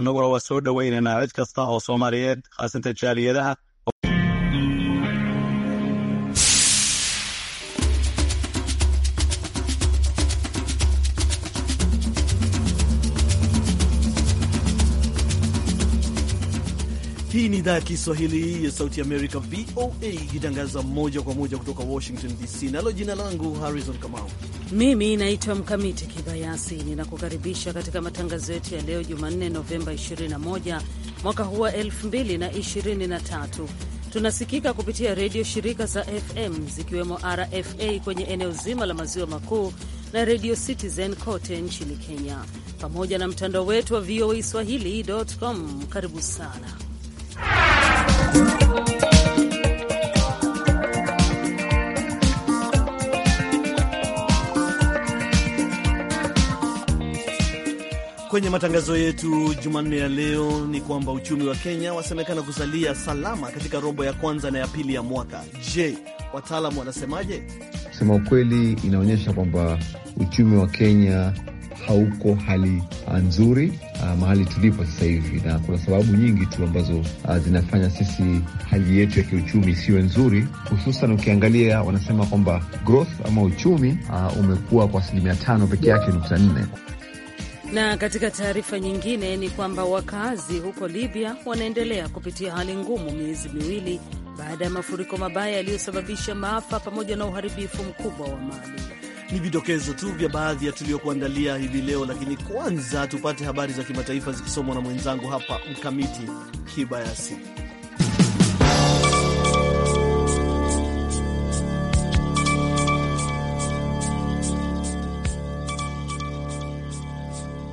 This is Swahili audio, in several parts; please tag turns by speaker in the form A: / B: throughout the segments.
A: annaguna waa soo dhoweynaynaa cid kasta oo soomaaliyeed khaasatan jaaliyadaha
B: idhaa ya Kiswahili ya Sauti Amerika, VOA, ikitangaza moja kwa moja kutoka Washington DC. Nalo jina langu Harrison Kamau.
C: Mimi naitwa Mkamiti Kibayasi, ninakukaribisha katika matangazo yetu ya leo Jumanne, Novemba 21 mwaka huu wa 2023. Tunasikika kupitia redio shirika za FM zikiwemo RFA kwenye eneo zima la maziwa makuu na redio Citizen kote nchini Kenya, pamoja na mtandao wetu wa VOA swahili.com. Karibu sana.
B: Kwenye matangazo yetu Jumanne ya leo ni kwamba uchumi wa Kenya wasemekana kusalia salama katika robo ya kwanza na ya pili ya mwaka. Je, wataalamu wanasemaje?
D: sema ukweli, inaonyesha kwamba uchumi wa Kenya hauko hali ah, nzuri uh, mahali tulipo sasa hivi, na kuna sababu nyingi tu ambazo uh, zinafanya sisi hali yetu ya kiuchumi isiwe nzuri, hususan ukiangalia, wanasema kwamba growth ama uchumi uh, umekuwa kwa asilimia tano peke yake nukta nne
C: na katika taarifa nyingine ni kwamba wakazi huko Libya wanaendelea kupitia hali ngumu miezi miwili baada ya mafuriko mabaya yaliyosababisha maafa pamoja na uharibifu mkubwa wa mali.
B: Ni vidokezo tu vya baadhi ya tuliyokuandalia hivi leo, lakini kwanza tupate habari za kimataifa zikisomwa na mwenzangu hapa Mkamiti Kibayasi.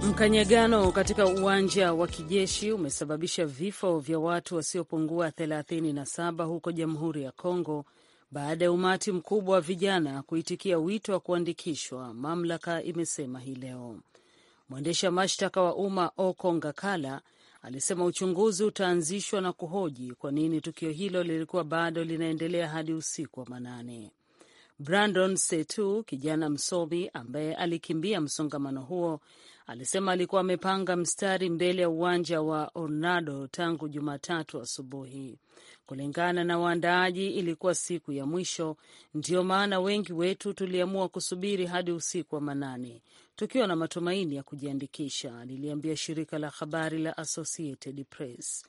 C: Mkanyagano katika uwanja wa kijeshi umesababisha vifo vya watu wasiopungua 37 huko Jamhuri ya Kongo baada ya umati mkubwa wa vijana kuitikia wito wa kuandikishwa, mamlaka imesema hii leo. Mwendesha mashtaka wa umma Okonga Kala alisema uchunguzi utaanzishwa na kuhoji kwa nini tukio hilo lilikuwa bado linaendelea hadi usiku wa manane. Brandon Setu, kijana msomi ambaye alikimbia msongamano huo, alisema alikuwa amepanga mstari mbele ya uwanja wa ornado tangu Jumatatu asubuhi. Kulingana na waandaaji, ilikuwa siku ya mwisho, ndiyo maana wengi wetu tuliamua kusubiri hadi usiku wa manane tukiwa na matumaini ya kujiandikisha, liliambia shirika la habari la Associated Press.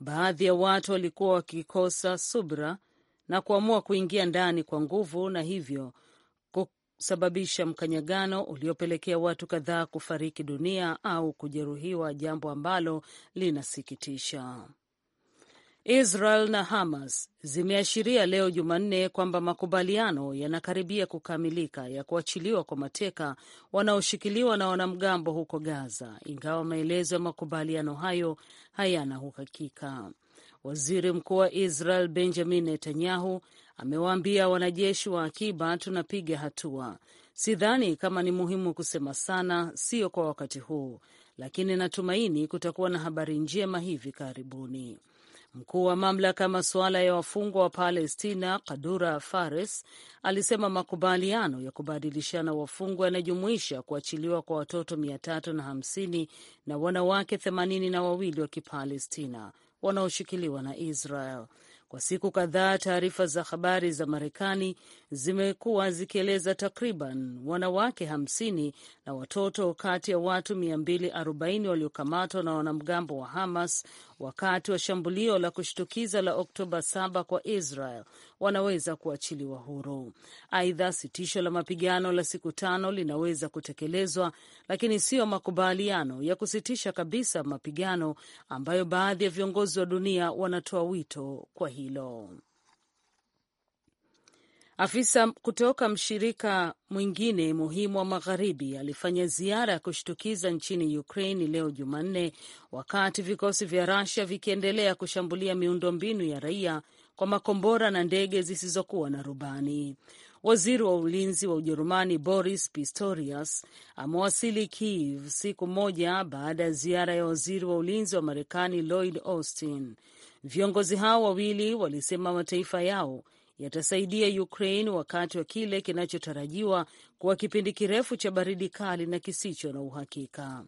C: Baadhi ya watu walikuwa wakikosa subra na kuamua kuingia ndani kwa nguvu na hivyo kusababisha mkanyagano uliopelekea watu kadhaa kufariki dunia au kujeruhiwa, jambo ambalo linasikitisha. Israel na Hamas zimeashiria leo Jumanne kwamba makubaliano yanakaribia kukamilika ya kuachiliwa kwa mateka wanaoshikiliwa na wanamgambo huko Gaza, ingawa maelezo ya makubaliano hayo hayana uhakika. Waziri Mkuu wa Israel Benjamin Netanyahu amewaambia wanajeshi wa akiba, tunapiga hatua. Sidhani kama ni muhimu kusema sana, sio kwa wakati huu, lakini natumaini kutakuwa na habari njema hivi karibuni. Mkuu wa mamlaka ya masuala ya wafungwa wa Palestina, Kadura Fares, alisema makubaliano ya kubadilishana wafungwa yanajumuisha kuachiliwa kwa watoto 350 na wanawake themanini na wawili wa Kipalestina wanaoshikiliwa na Israel. Kwa siku kadhaa, taarifa za habari za Marekani zimekuwa zikieleza takriban wanawake hamsini na watoto kati ya watu 240 waliokamatwa na wanamgambo wa Hamas wakati wa shambulio la kushtukiza la Oktoba 7 kwa Israel wanaweza kuachiliwa huru. Aidha, sitisho la mapigano la siku tano linaweza kutekelezwa, lakini siyo makubaliano ya kusitisha kabisa mapigano ambayo baadhi ya viongozi wa dunia wanatoa wito kwa hilo. Afisa kutoka mshirika mwingine muhimu wa magharibi alifanya ziara ya kushtukiza nchini Ukraine leo Jumanne, wakati vikosi vya Russia vikiendelea kushambulia miundombinu ya raia kwa makombora na ndege zisizokuwa na rubani. Waziri wa ulinzi wa Ujerumani Boris Pistorius amewasili Kiev siku moja baada ya ziara ya waziri wa ulinzi wa Marekani Lloyd Austin. Viongozi hao wawili walisema mataifa yao yatasaidia Ukraine wakati wa kile kinachotarajiwa kuwa kipindi kirefu cha baridi kali na kisicho na uhakika.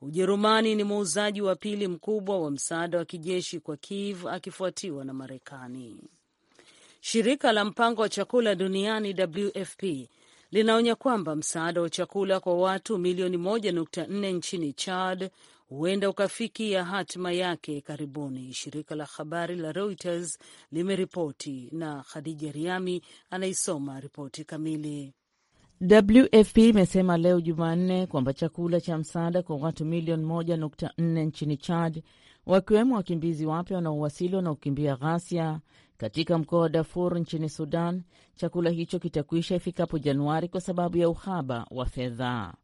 C: Ujerumani ni muuzaji wa pili mkubwa wa msaada wa kijeshi kwa Kiev akifuatiwa na Marekani. Shirika la mpango wa chakula duniani WFP linaonya kwamba msaada wa chakula kwa watu milioni 1.4 nchini Chad huenda ukafikia hatima yake karibuni, shirika la habari la Reuters limeripoti, na Khadija Riami anaisoma ripoti kamili.
E: WFP imesema leo Jumanne kwamba chakula cha msaada kwa watu milioni 1.4 nchini Chad, wakiwemo wakimbizi wapya wanaowasili wanaokimbia ghasia, katika mkoa wa Darfur nchini Sudan. Chakula hicho kitakwisha ifikapo Januari kwa sababu ya uhaba wa fedha.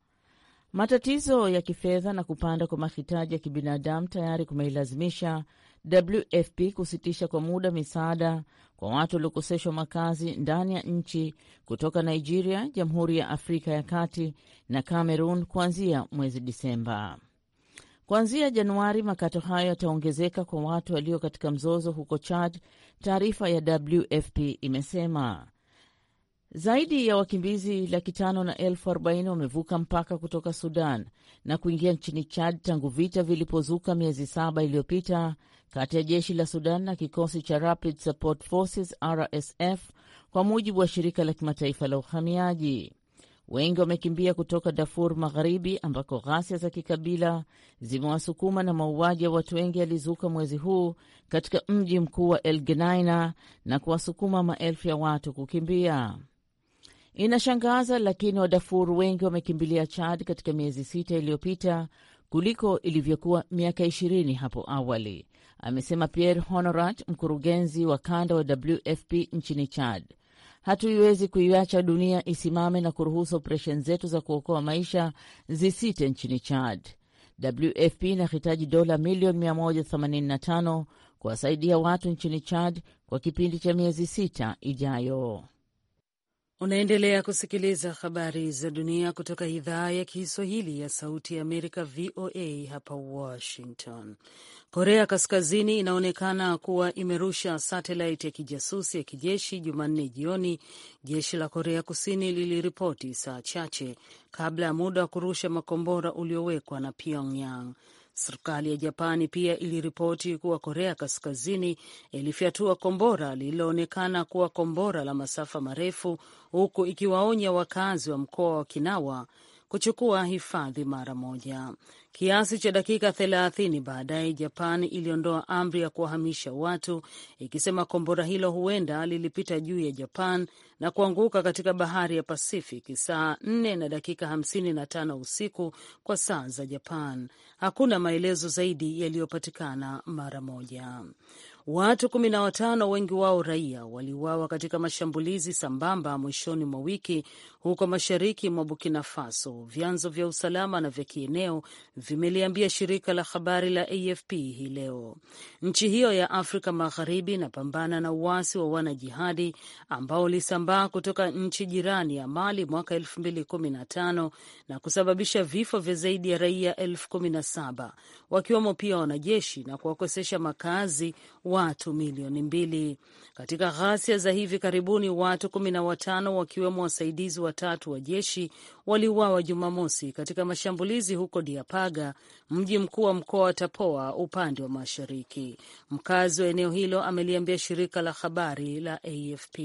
E: Matatizo ya kifedha na kupanda kwa mahitaji ya kibinadamu tayari kumeilazimisha WFP kusitisha kwa muda misaada kwa watu waliokoseshwa makazi ndani ya nchi kutoka Nigeria, Jamhuri ya Afrika ya Kati na Cameroon kuanzia mwezi Disemba. Kuanzia Januari, makato hayo yataongezeka kwa watu walio katika mzozo huko Chad, taarifa ya WFP imesema. Zaidi ya wakimbizi laki tano na elfu arobaini wamevuka mpaka kutoka Sudan na kuingia nchini Chad tangu vita vilipozuka miezi saba iliyopita kati ya jeshi la Sudan na kikosi cha Rapid Support Forces RSF, kwa mujibu wa shirika la kimataifa la uhamiaji. Wengi wamekimbia kutoka Darfur Magharibi, ambako ghasia za kikabila zimewasukuma na mauaji ya watu wengi yalizuka mwezi huu katika mji mkuu wa El Geneina na kuwasukuma maelfu ya watu kukimbia. Inashangaza, lakini Wadafur wengi wamekimbilia Chad katika miezi sita iliyopita kuliko ilivyokuwa miaka ishirini hapo awali, amesema Pierre Honorat, mkurugenzi wa kanda wa WFP nchini Chad. Hatuiwezi kuiacha dunia isimame na kuruhusu operesheni zetu za kuokoa maisha zisite nchini Chad. WFP inahitaji dola milioni 185 kuwasaidia watu nchini Chad kwa kipindi cha miezi sita ijayo.
C: Unaendelea kusikiliza habari za dunia kutoka idhaa ya Kiswahili ya Sauti ya Amerika, VOA hapa Washington. Korea Kaskazini inaonekana kuwa imerusha satelaiti ya kijasusi ya kijeshi Jumanne jioni, jeshi la Korea Kusini liliripoti saa chache kabla ya muda wa kurusha makombora uliowekwa na Pyongyang. Serikali ya Japani pia iliripoti kuwa Korea Kaskazini ilifyatua kombora lililoonekana kuwa kombora la masafa marefu, huku ikiwaonya wakazi wa mkoa wa Kinawa kuchukua hifadhi mara moja. Kiasi cha dakika thelathini baadaye, Japan iliondoa amri ya kuwahamisha watu ikisema kombora hilo huenda lilipita juu ya Japan na kuanguka katika bahari ya Pacific saa 4 na dakika 55 usiku kwa saa za Japan. Hakuna maelezo zaidi yaliyopatikana mara moja. Watu kumi na watano, wengi wao raia, waliuawa katika mashambulizi sambamba mwishoni mwa wiki, huko mashariki mwa Burkina Faso, vyanzo vya usalama na vya kieneo vimeliambia shirika la habari la AFP hii leo. Nchi hiyo ya Afrika Magharibi inapambana na uasi wa wanajihadi ambao ulisambaa kutoka nchi jirani ya Mali mwaka 215 na kusababisha vifo vya zaidi ya raia 17 wakiwemo pia wanajeshi na kuwakosesha makazi watu milioni mbili. Katika ghasia za hivi karibuni watu 15 wakiwemo wasaidizi wa watatu wa jeshi waliuawa Jumamosi katika mashambulizi huko Diapaga, mji mkuu wa mkoa wa Tapoa upande wa mashariki. Mkazi wa eneo hilo ameliambia shirika la habari la AFP.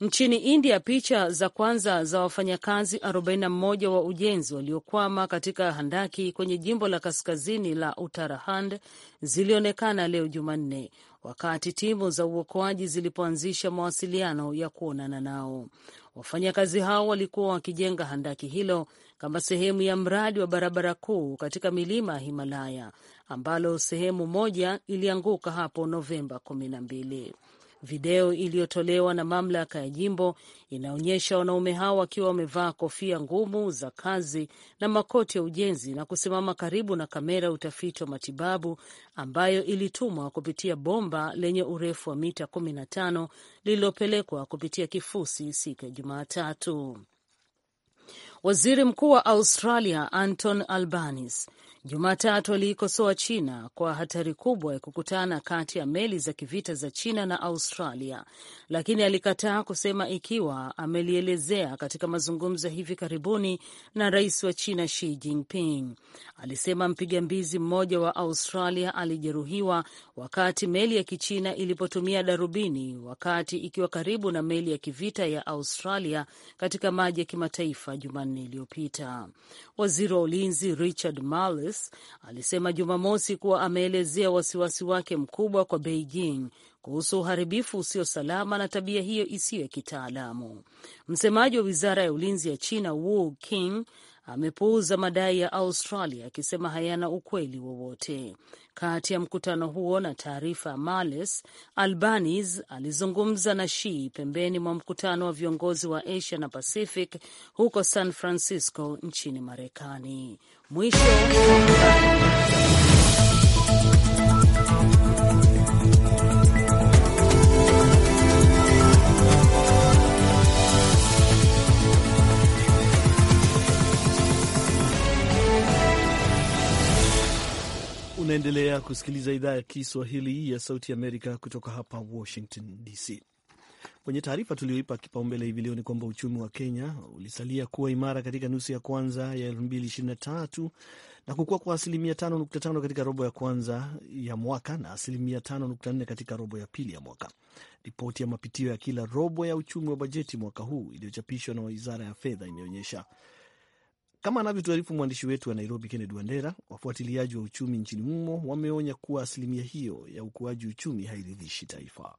C: Nchini India, picha za kwanza za wafanyakazi 41 wa ujenzi waliokwama katika handaki kwenye jimbo la kaskazini la Uttarakhand zilionekana leo Jumanne wakati timu za uokoaji zilipoanzisha mawasiliano ya kuonana nao. Wafanyakazi hao walikuwa wakijenga handaki hilo kama sehemu ya mradi wa barabara kuu katika milima ya Himalaya ambalo sehemu moja ilianguka hapo Novemba kumi na mbili. Video iliyotolewa na mamlaka ya jimbo inaonyesha wanaume hao wakiwa wamevaa kofia ngumu za kazi na makoti ya ujenzi na kusimama karibu na kamera ya utafiti wa matibabu ambayo ilitumwa kupitia bomba lenye urefu wa mita 15 lililopelekwa kupitia kifusi siku ya Jumatatu. Waziri Mkuu wa Australia Anton Albanese Jumatatu aliikosoa China kwa hatari kubwa ya kukutana kati ya meli za kivita za China na Australia, lakini alikataa kusema ikiwa amelielezea katika mazungumzo ya hivi karibuni na rais wa China Xi Jinping. Alisema mpiga mbizi mmoja wa Australia alijeruhiwa wakati meli ya Kichina ilipotumia darubini wakati ikiwa karibu na meli ya kivita ya Australia katika maji ya kimataifa Jumanne iliyopita. Waziri wa ulinzi Richard Marles Mattis alisema Jumamosi kuwa ameelezea wasiwasi wake mkubwa kwa Beijing kuhusu uharibifu usio salama na tabia hiyo isiyo ya kitaalamu. Msemaji wa wizara ya ulinzi ya China Wu King amepuuza madai ya Australia akisema hayana ukweli wowote. Kati ya mkutano huo na taarifa ya Males, Albanese alizungumza na Shi pembeni mwa mkutano wa viongozi wa Asia na Pacific huko San Francisco nchini Marekani. Mwisho
B: Unaendelea kusikiliza idhaa ya Kiswahili ya Sauti Amerika kutoka hapa Washington DC. Kwenye taarifa tuliyoipa kipaumbele hivi leo ni kwamba uchumi wa Kenya ulisalia kuwa imara katika nusu ya kwanza ya 2023 na kukua kwa asilimia 5.5 katika robo ya kwanza ya mwaka na asilimia 5.4 katika robo ya pili ya mwaka. Ripoti ya mapitio ya kila robo ya uchumi wa bajeti mwaka huu iliyochapishwa na wizara ya fedha imeonyesha kama anavyotuarifu mwandishi wetu wa Nairobi, Kennedy Wandera, wafuatiliaji wa uchumi nchini humo wameonya kuwa asilimia hiyo ya ukuaji uchumi hairidhishi taifa.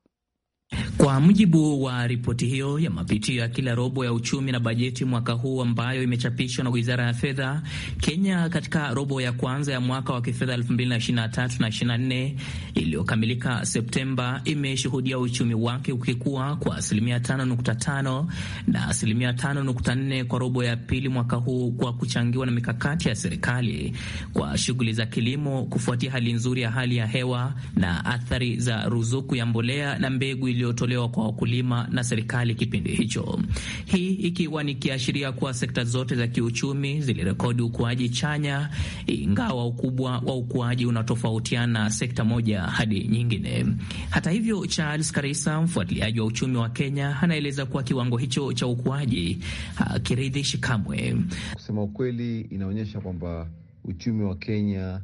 F: Kwa mujibu wa ripoti hiyo ya mapitio ya kila robo ya uchumi na bajeti mwaka huu ambayo imechapishwa na Wizara ya Fedha, Kenya katika robo ya kwanza ya mwaka wa kifedha 2023 na 2024 iliyokamilika Septemba imeshuhudia uchumi wake ukikua kwa asilimia 5.5 na asilimia 5.4 kwa robo ya pili mwaka huu kwa kuchangiwa na mikakati ya serikali kwa shughuli za kilimo kufuatia hali nzuri ya hali ya hewa na athari za ruzuku ya mbolea na mbegu iliyotolewa kutolewa kwa wakulima na serikali kipindi hicho, hii ikiwa ni kiashiria kuwa sekta zote za kiuchumi zilirekodi ukuaji chanya, ingawa ukubwa wa ukuaji unatofautiana sekta moja hadi nyingine. Hata hivyo, Charles Karisa, mfuatiliaji wa uchumi wa Kenya, anaeleza kuwa kiwango hicho cha ukuaji hakiridhishi kamwe.
D: Kusema ukweli, inaonyesha kwamba uchumi wa Kenya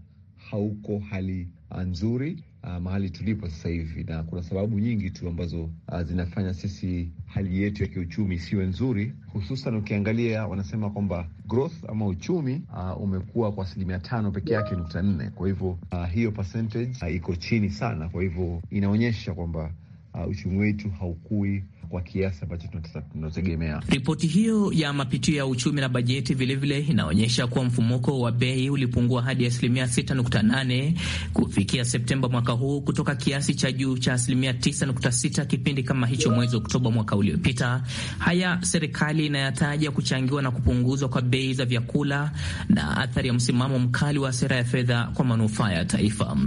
D: hauko hali nzuri uh, mahali tulipo sasa hivi, na kuna sababu nyingi tu ambazo uh, zinafanya sisi hali yetu ya kiuchumi isiwe nzuri, hususan ukiangalia wanasema kwamba growth ama uchumi uh, umekuwa kwa asilimia tano peke yake nukta nne. Kwa hivyo uh, hiyo percentage uh, iko chini sana, kwa hivyo inaonyesha kwamba uh, uchumi wetu haukui kwa kiasi ambacho tunategemea.
F: Ripoti hiyo ya mapitio ya uchumi na bajeti vilevile inaonyesha kuwa mfumuko wa bei ulipungua hadi asilimia 6.8 kufikia Septemba mwaka huu kutoka kiasi cha juu cha asilimia 9.6 kipindi kama hicho mwezi Oktoba mwaka uliopita. Haya serikali inayataja kuchangiwa na kupunguzwa kwa bei za vyakula na athari ya msimamo mkali wa sera ya fedha kwa manufaa ya taifa.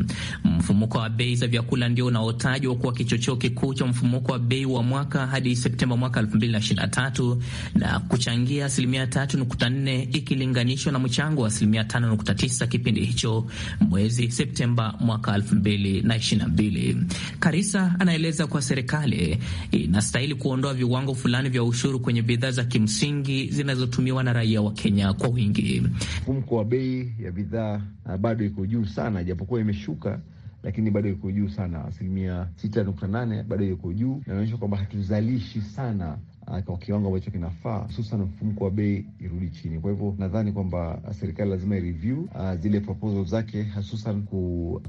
F: Mfumuko wa bei za vyakula ndio unaotajwa kuwa kichocheo kikuu cha mfumuko wa bei wa mwaka mwaka hadi Septemba mwaka 2023 na kuchangia asilimia 3.4 ikilinganishwa na mchango wa asilimia 5.9 kipindi hicho mwezi Septemba mwaka 2022. Karisa anaeleza kuwa serikali inastahili kuondoa viwango fulani vya ushuru kwenye bidhaa za kimsingi zinazotumiwa na raia wa Kenya kwa wingi.
D: Mfumuko wa bei ya bidhaa bado iko juu sana, japokuwa imeshuka lakini bado iko juu sana, asilimia sita nukta nane bado iko juu, inaonyesha kwamba hatuzalishi sana uh, kwa kiwango ambacho kinafaa, hususan mfumko wa bei irudi chini. Kwa hivyo nadhani kwamba uh, serikali lazima ireview uh, zile proposal zake, hususan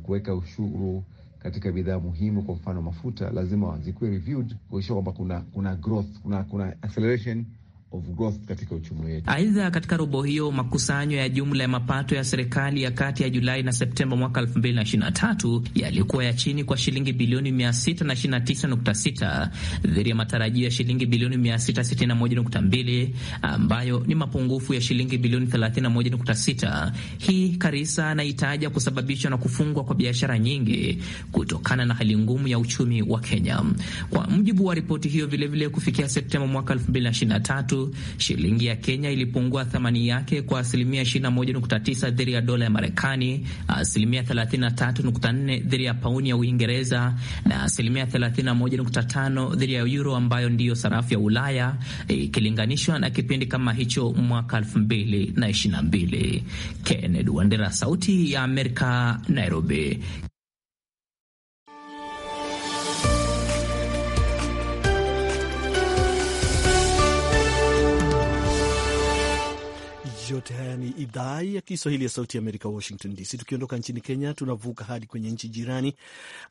D: kuweka ushuru katika bidhaa muhimu, kwa mfano mafuta, lazima zikuwe reviewed kuakisha kwamba kuna kuna growth, kuna kuna acceleration of growth katika uchumi wetu.
F: Aidha, katika robo hiyo makusanyo ya jumla ya mapato ya serikali ya kati ya Julai na Septemba mwaka 2023 yalikuwa ya chini kwa shilingi bilioni 629.6 dhidi ya matarajio ya shilingi bilioni 661.2 ambayo ni mapungufu ya shilingi bilioni 31.6. Hii Karisa anaitaja kusababishwa na kufungwa kwa biashara nyingi kutokana na hali ngumu ya uchumi wa Kenya. Kwa mujibu wa ripoti hiyo, vilevile vile kufikia Septemba mwaka 2023 shilingi ya Kenya ilipungua thamani yake kwa asilimia 21.9 dhidi ya dola ya Marekani, asilimia 33.4 dhidi ya pauni ya Uingereza na asilimia 31.5 dhidi ya euro ambayo ndiyo sarafu ya Ulaya ikilinganishwa na kipindi kama hicho mwaka 2022. Kennedy Wandera, Sauti ya Amerika, Nairobi.
B: Yote haya ni idhaa ya Kiswahili ya Sauti ya Amerika, Washington DC. Tukiondoka nchini Kenya, tunavuka hadi kwenye nchi jirani,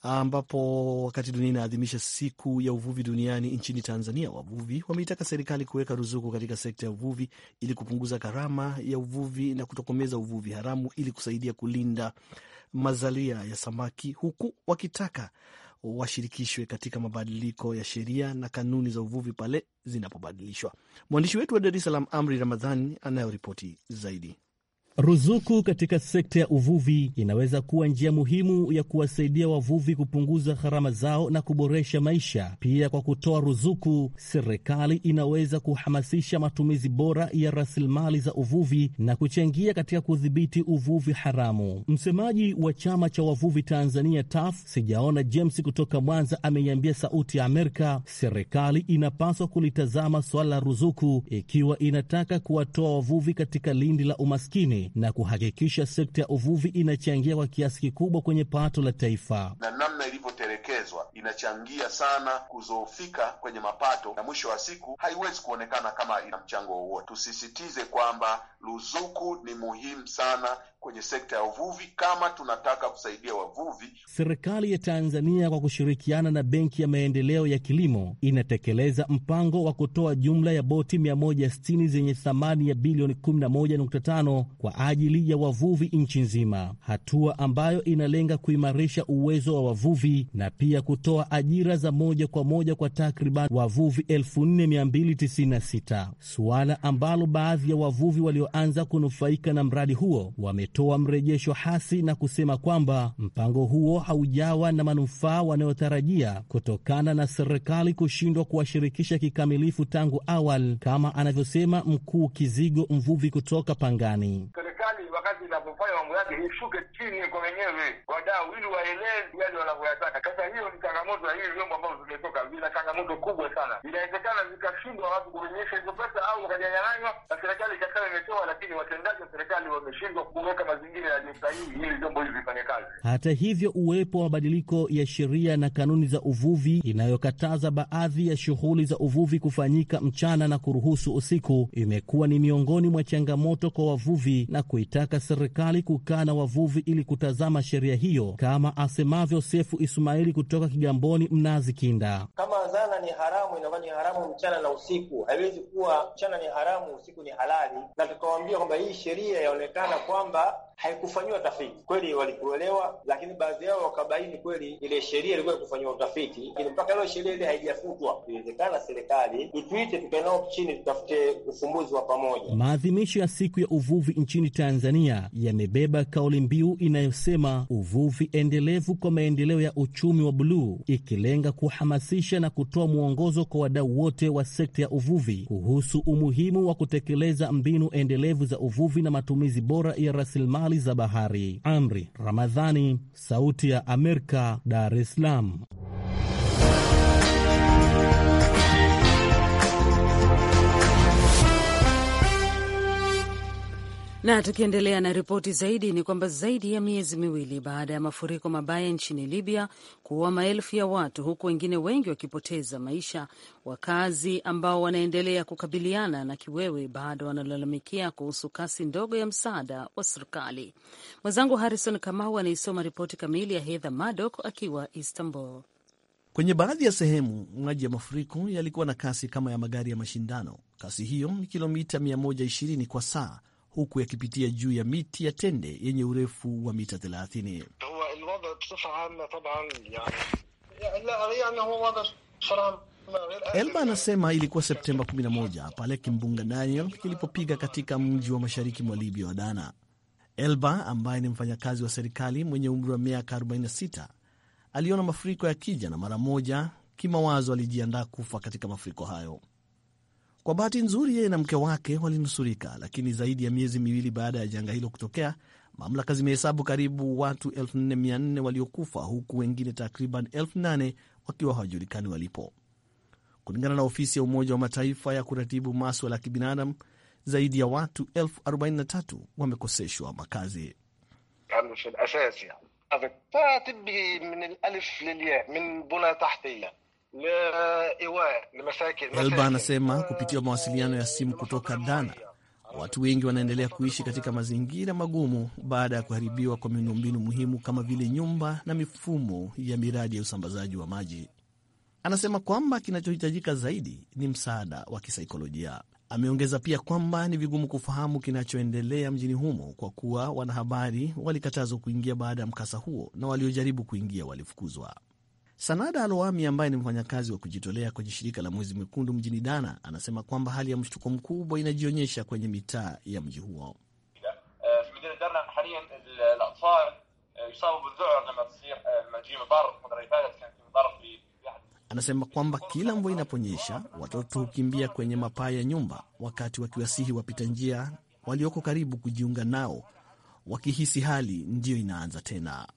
B: ambapo wakati dunia inaadhimisha siku ya uvuvi duniani, nchini Tanzania wavuvi wameitaka serikali kuweka ruzuku katika sekta ya uvuvi ili kupunguza gharama ya uvuvi na kutokomeza uvuvi haramu ili kusaidia kulinda mazalia ya samaki, huku wakitaka washirikishwe katika mabadiliko ya sheria na kanuni za uvuvi pale zinapobadilishwa. Mwandishi wetu wa Dar es Salaam, Amri Ramadhani, anayoripoti zaidi.
A: Ruzuku katika sekta ya uvuvi inaweza kuwa njia muhimu ya kuwasaidia wavuvi kupunguza gharama zao na kuboresha maisha. Pia kwa kutoa ruzuku, serikali inaweza kuhamasisha matumizi bora ya rasilimali za uvuvi na kuchangia katika kudhibiti uvuvi haramu. Msemaji wa chama cha wavuvi Tanzania TAF, Sijaona James kutoka Mwanza, ameiambia Sauti ya Amerika serikali inapaswa kulitazama suala la ruzuku ikiwa inataka kuwatoa wavuvi katika lindi la umaskini na kuhakikisha sekta ya uvuvi inachangia kwa kiasi kikubwa kwenye pato la taifa.
D: Na namna ilivyotelekezwa inachangia sana kuzoofika kwenye mapato, na mwisho wa siku haiwezi kuonekana kama ina mchango wowote. Tusisitize kwamba ruzuku ni muhimu sana kwenye sekta ya uvuvi kama tunataka kusaidia
A: wavuvi. Serikali ya Tanzania kwa kushirikiana na Benki ya Maendeleo ya Kilimo inatekeleza mpango wa kutoa jumla ya boti 160 zenye thamani ya bilioni 11.5 kwa ajili ya wavuvi nchi nzima, hatua ambayo inalenga kuimarisha uwezo wa wavuvi na pia kutoa ajira za moja kwa moja kwa takriban wavuvi 4296 suala ambalo baadhi ya wavuvi walioanza kunufaika na mradi huo wametoa mrejesho hasi na kusema kwamba mpango huo haujawa na manufaa wanayotarajia kutokana na serikali kushindwa kuwashirikisha kikamilifu tangu awali, kama anavyosema Mkuu Kizigo, mvuvi kutoka Pangani.
D: ya ga ya chini kwa wenyewe wadau, ili waeleze yale wanavyoyataka. Sasa hiyo ni changamoto ya hivi vyombo ambavyo vimetoka, vina changamoto kubwa sana. Inawezekana vikashindwa watu kuonyesha hizo pesa, au wakajanyang'anywa na serikali ikasema imetoa, lakini watendaji wa serikali wameshindwa kuweka mazingira yaliyo ili vyombo hivi vifanye kazi.
A: Hata hivyo, uwepo wa mabadiliko ya sheria na kanuni za uvuvi inayokataza baadhi ya shughuli za uvuvi kufanyika mchana na kuruhusu usiku imekuwa ni miongoni mwa changamoto kwa wavuvi na kuitaka serikali kukaa na wavuvi ili ili kutazama sheria hiyo, kama asemavyo Sefu Ismaili kutoka Kigamboni, Mnazi Kinda.
B: Kama zana ni haramu, inakuwa ni haramu mchana na usiku, haiwezi kuwa mchana ni haramu, usiku ni halali. Na
D: tukawambia kwamba hii sheria yaonekana kwamba haikufanyiwa tafiti. Kweli walikuelewa, lakini baadhi yao wakabaini kweli ile sheria ilikuwa ikufanyiwa utafiti, lakini mpaka leo sheria ile haijafutwa. Iwezekana serikali ituite, tukaenao chini, tutafute ufumbuzi wa pamoja.
A: Maadhimisho ya siku ya uvuvi nchini Tanzania yamebeba kauli mbiu inayosema uvuvi endelevu kwa maendeleo ya uchumi wa buluu, ikilenga kuhamasisha na kutoa mwongozo kwa wadau wote wa sekta ya uvuvi kuhusu umuhimu wa kutekeleza mbinu endelevu za uvuvi na matumizi bora ya rasilimali hali za bahari. Amri Ramadhani, Sauti ya Amerika, Dar es Salaam.
C: Na tukiendelea na ripoti zaidi ni kwamba zaidi ya miezi miwili baada ya mafuriko mabaya nchini Libya kuua maelfu ya watu, huku wengine wengi wakipoteza maisha, wakazi ambao wanaendelea kukabiliana na kiwewe bado wanalalamikia kuhusu kasi ndogo ya msaada wa serikali. Mwenzangu Harrison Kamau anaisoma ripoti kamili ya Hedha Madok akiwa Istanbul.
B: Kwenye baadhi ya sehemu maji ya mafuriko yalikuwa na kasi kama ya magari ya mashindano. Kasi hiyo ni kilomita 120 kwa saa huku yakipitia juu ya miti ya tende yenye urefu wa mita 30.
G: Elba anasema
B: ilikuwa Septemba 11 pale kimbunga Daniel kilipopiga katika mji wa mashariki mwa Libya wa Dana. Elba ambaye ni mfanyakazi wa serikali mwenye umri wa miaka 46 aliona mafuriko ya kija na mara moja kimawazo alijiandaa kufa katika mafuriko hayo. Kwa bahati nzuri, yeye na mke wake walinusurika, lakini zaidi ya miezi miwili baada ya janga hilo kutokea, mamlaka zimehesabu karibu watu 4400 waliokufa huku wengine takriban 8000 wakiwa hawajulikani walipo, kulingana na ofisi ya Umoja wa Mataifa ya kuratibu maswala ya kibinadamu. Zaidi ya watu 43 wamekoseshwa makazi.
D: Eh, Elba anasema
B: kupitia mawasiliano ya simu kutoka dana watu wengi wanaendelea kuishi katika mazingira magumu baada ya kuharibiwa kwa miundombinu muhimu kama vile nyumba na mifumo ya miradi ya usambazaji wa maji. Anasema kwamba kinachohitajika zaidi ni msaada wa kisaikolojia. Ameongeza pia kwamba ni vigumu kufahamu kinachoendelea mjini humo kwa kuwa wanahabari walikatazwa kuingia baada ya mkasa huo na waliojaribu kuingia walifukuzwa. Sanada Alowami ambaye ni mfanyakazi wa kujitolea kwenye shirika la Mwezi Mwekundu mjini Dana anasema kwamba hali ya mshtuko mkubwa inajionyesha kwenye mitaa ya mji huo. Anasema kwamba kila mvua inaponyesha watoto hukimbia kwenye mapaa ya nyumba, wakati wakiwasihi wapita njia walioko karibu kujiunga nao, wakihisi hali ndiyo inaanza tena.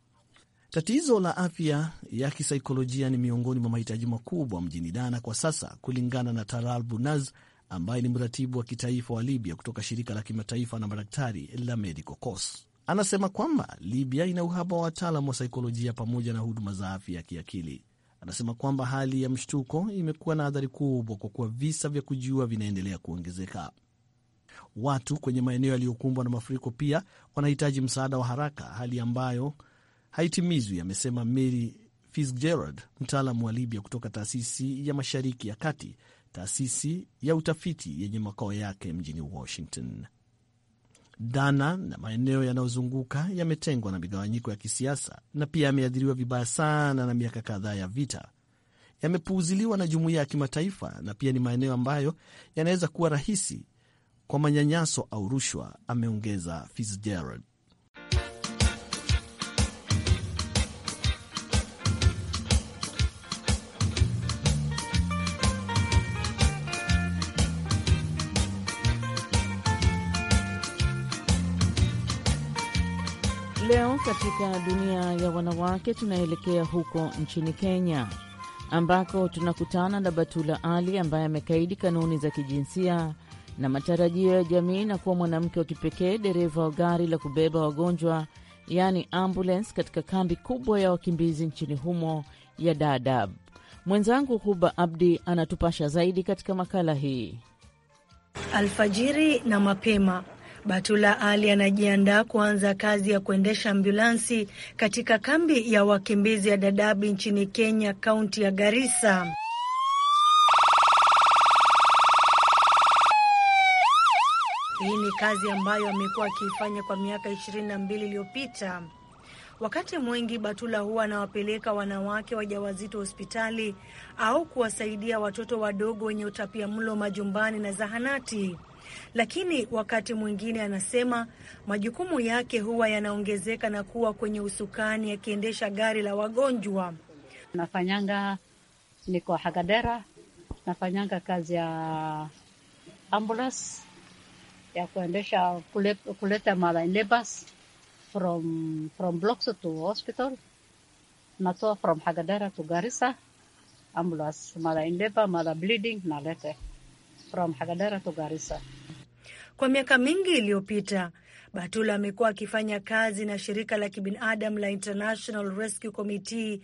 B: Tatizo la afya ya kisaikolojia ni miongoni mwa mahitaji makubwa mjini Dana kwa sasa, kulingana na Taral Bunaz ambaye ni mratibu wa kitaifa wa Libya kutoka shirika la kimataifa na madaktari la Medical Corps. Anasema kwamba Libya ina uhaba wa wataalam wa saikolojia pamoja na huduma za afya ya kiakili. Anasema kwamba hali ya mshtuko imekuwa na athari kubwa kwa kuwa visa vya kujiua vinaendelea kuongezeka. Watu kwenye maeneo yaliyokumbwa na mafuriko pia wanahitaji msaada wa haraka, hali ambayo haitimizwi, amesema Mary Fitzgerald, mtaalamu wa Libya kutoka taasisi ya mashariki ya kati, taasisi ya utafiti yenye makao yake mjini Washington. Dana na maeneo yanayozunguka yametengwa na migawanyiko ya kisiasa na pia yameathiriwa vibaya sana na miaka kadhaa ya vita. Yamepuuziliwa na jumuiya ya kimataifa na pia ni maeneo ambayo yanaweza kuwa rahisi kwa manyanyaso au rushwa, ameongeza Fitzgerald.
E: katika dunia ya wanawake, tunaelekea huko nchini Kenya ambako tunakutana na Batula Ali ambaye amekaidi kanuni za kijinsia na matarajio ya jamii na kuwa mwanamke wa kipekee dereva wa gari la kubeba wagonjwa yaani ambulance katika kambi kubwa ya wakimbizi nchini humo ya Dadaab. Mwenzangu Huba Abdi anatupasha zaidi katika makala hii.
H: Alfajiri na mapema Batula Ali anajiandaa kuanza kazi ya kuendesha ambulansi katika kambi ya wakimbizi ya dadabi nchini Kenya, kaunti ya Garissa. Hii ni kazi ambayo amekuwa akiifanya kwa miaka ishirini na mbili iliyopita. Wakati mwingi Batula huwa anawapeleka wanawake wajawazito hospitali au kuwasaidia watoto wadogo wenye utapia mlo majumbani na zahanati lakini wakati mwingine anasema majukumu yake huwa yanaongezeka na kuwa kwenye usukani
G: akiendesha gari la wagonjwa. Nafanyanga, niko Hagadera, nafanyanga kazi ya ambulance ya kuendesha kuleta mother in from, from blocks to hospital. Natoa from Hagadera to Garissa ambulance, mother in labor, mother bleeding nalete from Hagadara to Garissa. Kwa miaka mingi
H: iliyopita Batula amekuwa akifanya kazi na shirika la kibinadamu la International Rescue Committee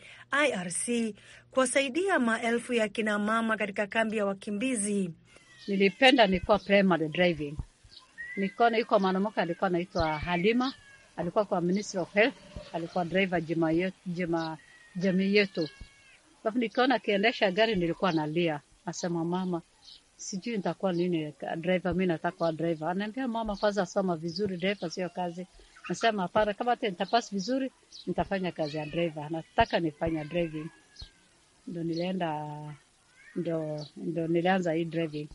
H: IRC kuwasaidia maelfu ya kina mama
G: katika kambi ya wakimbizi. Nilipenda nikuwa primary driving, nilikuwa iko mwanamke alikuwa anaitwa Halima, alikuwa kwa Ministry of Health, alikuwa driver jima jamii yetu, lafu nikiona akiendesha gari, nilikuwa nalia, nasema mama sijui nitakuwa nini driver. Mi nataka wa driver, anaambia mama, kwanza soma vizuri, driver sio kazi. Nasema hapana, kama te nitapass vizuri nitafanya kazi ya driver, nataka nifanya driving. Ndo nilienda ndo, ndo nilianza hii driving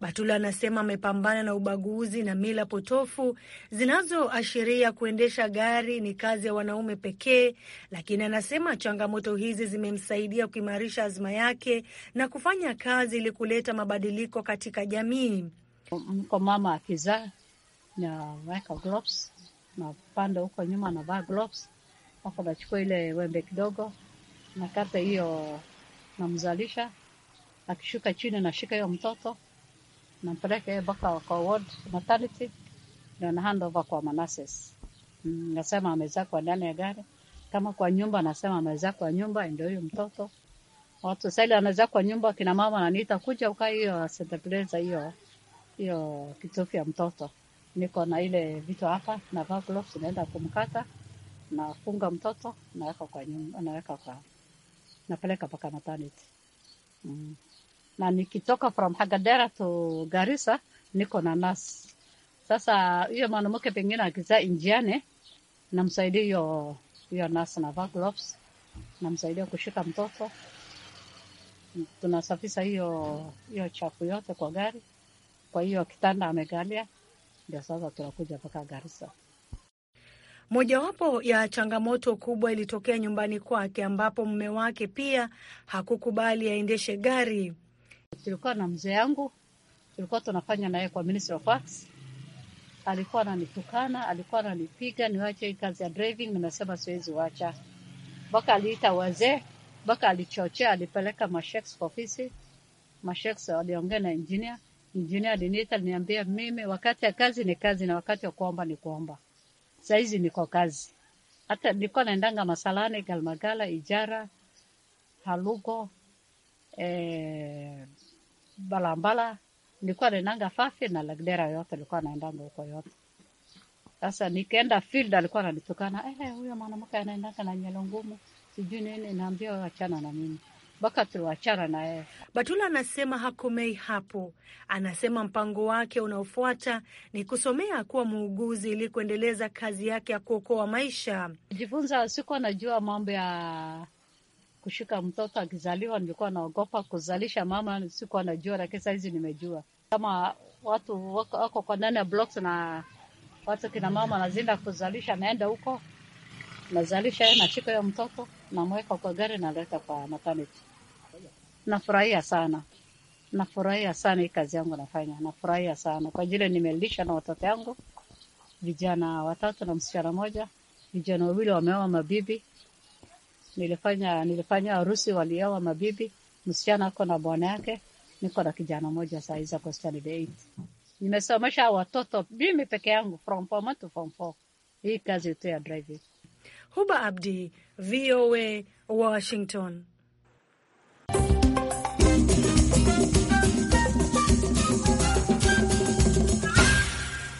H: Batula anasema amepambana na ubaguzi na mila potofu zinazoashiria kuendesha gari ni kazi ya wanaume pekee, lakini anasema changamoto hizi zimemsaidia kuimarisha azma yake na kufanya
G: kazi ili kuleta mabadiliko katika jamii. Mko mama akizaa naweka gloves, napanda huko nyuma, anavaa gloves, wako nachukua ile wembe kidogo, nakata hiyo, namzalisha, akishuka chini nashika hiyo mtoto nampeleke mpaka kwa ward maternity, ndio na hand over kwa Manassas. Mm, nasema ameza kwa ndani ya gari, kama kwa nyumba nasema ameza kwa nyumba, ndio huyo mtoto watu sasa, anaweza kwa nyumba, kina mama ananiita kuja ukae hiyo sentapleza hiyo hiyo kitofu ya mtoto. Niko na ile vitu hapa, navaa gloves, naenda kumkata, nafunga mtoto, naweka kwa nyumba, naweka kwa napeleka mpaka maternity mm na nikitoka from Hagadera to Garissa niko na nurse. Sasa hiyo mwanamke pengine akizaa injiani namsaidia hiyo hiyo nurse, navaa gloves, namsaidia kushika mtoto, tunasafisha hiyo hiyo chafu yote kwa gari, kwa hiyo kitanda amegalia, ndio sasa tunakuja mpaka Garissa.
H: Mojawapo ya changamoto kubwa ilitokea nyumbani kwake ambapo mume wake pia hakukubali aendeshe gari
G: Tulikuwa na mzee yangu, tulikuwa tunafanya naye kwa Ministry of Works. Alikuwa ananitukana, alikuwa ananipiga niwache hii kazi ya driving, nimesema siwezi wacha. Mpaka aliita wazee, mpaka alichochea, alipeleka masheks kwa ofisi. Masheks waliongea na engineer, engineer aliniita, aliniambia mimi wakati ya kazi ni kazi na wakati wa kuomba ni kuomba. Saizi niko kazi, hata nilikuwa naendanga masalani, Galmagala, Ijara, Halugo Eh, Balambala nilikuwa naendanga Fafi na Lagdera yote nilikuwa naendanga huko yote. Sasa nikaenda field, alikuwa ananitukana eh, eh, huyo mwanamke anaendanga na nyelo ngumu, sijui nini, naambia wachana na mimi mpaka tuliwachana na yeye. Batula
H: anasema hakomei hapo, anasema mpango wake unaofuata ni kusomea
G: kuwa muuguzi ili kuendeleza kazi yake ya kuokoa maisha. Jifunza, sikuwa najua mambo ya kushika mtoto akizaliwa, nilikuwa naogopa kuzalisha mama, sikuwa najua, lakini saa hizi nimejua kama watu wako kwa ndani ya blocks na watu kina mama anazinda kuzalisha, naenda huko nazalisha, nashika hiyo mtoto namweka kwa gari, naleta kwa maternity. Nafurahia sana, nafurahia sana hii kazi yangu nafanya, nafurahia sana kwa ajili nimelisha na watoto yangu vijana watatu na msichana moja, vijana wawili wameoa mabibi Nilifanya nilifanya harusi, walioa mabibi, msichana ako na bwana yake, niko na kijana moja saa hizi ako standard eight. Nimesomesha watoto mimi peke yangu from form one to form four. Hii kazi tu ya driving. Huba Abdi,
H: VOA, Washington.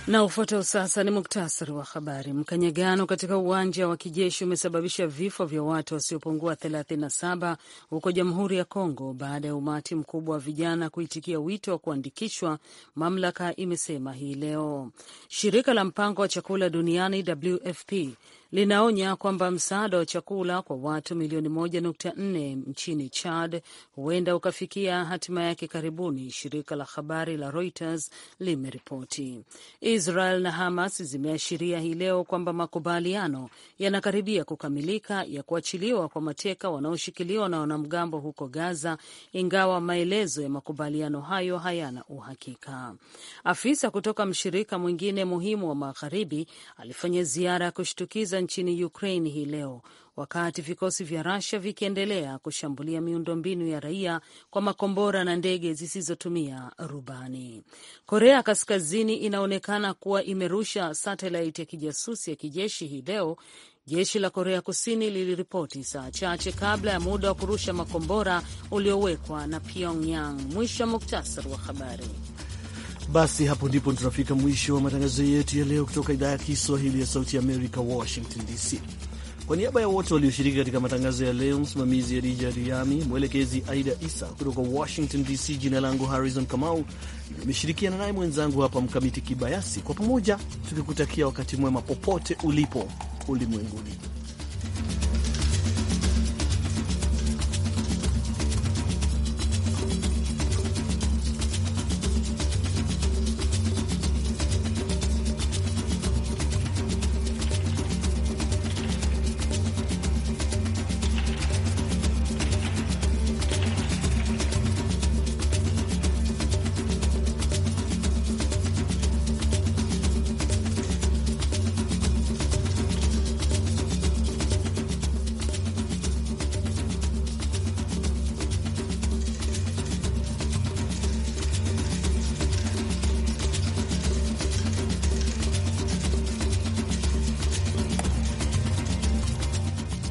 C: Na ufuatao sasa ni muktasari wa habari. Mkanyagano katika uwanja wa kijeshi umesababisha vifo vya watu wasiopungua 37 huko Jamhuri ya Kongo baada ya umati mkubwa wa vijana kuitikia wito wa kuandikishwa, mamlaka imesema hii leo. Shirika la mpango wa chakula duniani WFP linaonya kwamba msaada wa chakula kwa watu milioni 1.4 nchini Chad huenda ukafikia hatima yake karibuni, shirika la habari la Reuters limeripoti. Israel na Hamas zimeashiria hii leo kwamba makubaliano yanakaribia kukamilika ya kuachiliwa kwa mateka wanaoshikiliwa na wanamgambo huko Gaza, ingawa maelezo ya makubaliano hayo hayana uhakika. Afisa kutoka mshirika mwingine muhimu wa magharibi alifanya ziara ya kushtukiza kwanza nchini Ukraine hii leo wakati vikosi vya Russia vikiendelea kushambulia miundombinu ya raia kwa makombora na ndege zisizotumia rubani. Korea Kaskazini inaonekana kuwa imerusha satelaiti ya kijasusi ya kijeshi hii leo, jeshi la Korea Kusini liliripoti saa chache kabla ya muda wa kurusha makombora uliowekwa na Pyongyang. Mwisho wa muktasari wa habari.
B: Basi hapo ndipo tunafika mwisho wa matangazo yetu ya leo kutoka idhaa ya Kiswahili ya Sauti Amerika, Washington DC. Kwa niaba ya wote walioshiriki katika matangazo ya leo, msimamizi Dija Riami, mwelekezi Aida Isa kutoka Washington DC. Jina langu Harrison Kamau, nimeshirikiana naye mwenzangu hapa Mkamiti Kibayasi, kwa pamoja tukikutakia wakati mwema popote ulipo ulimwenguni.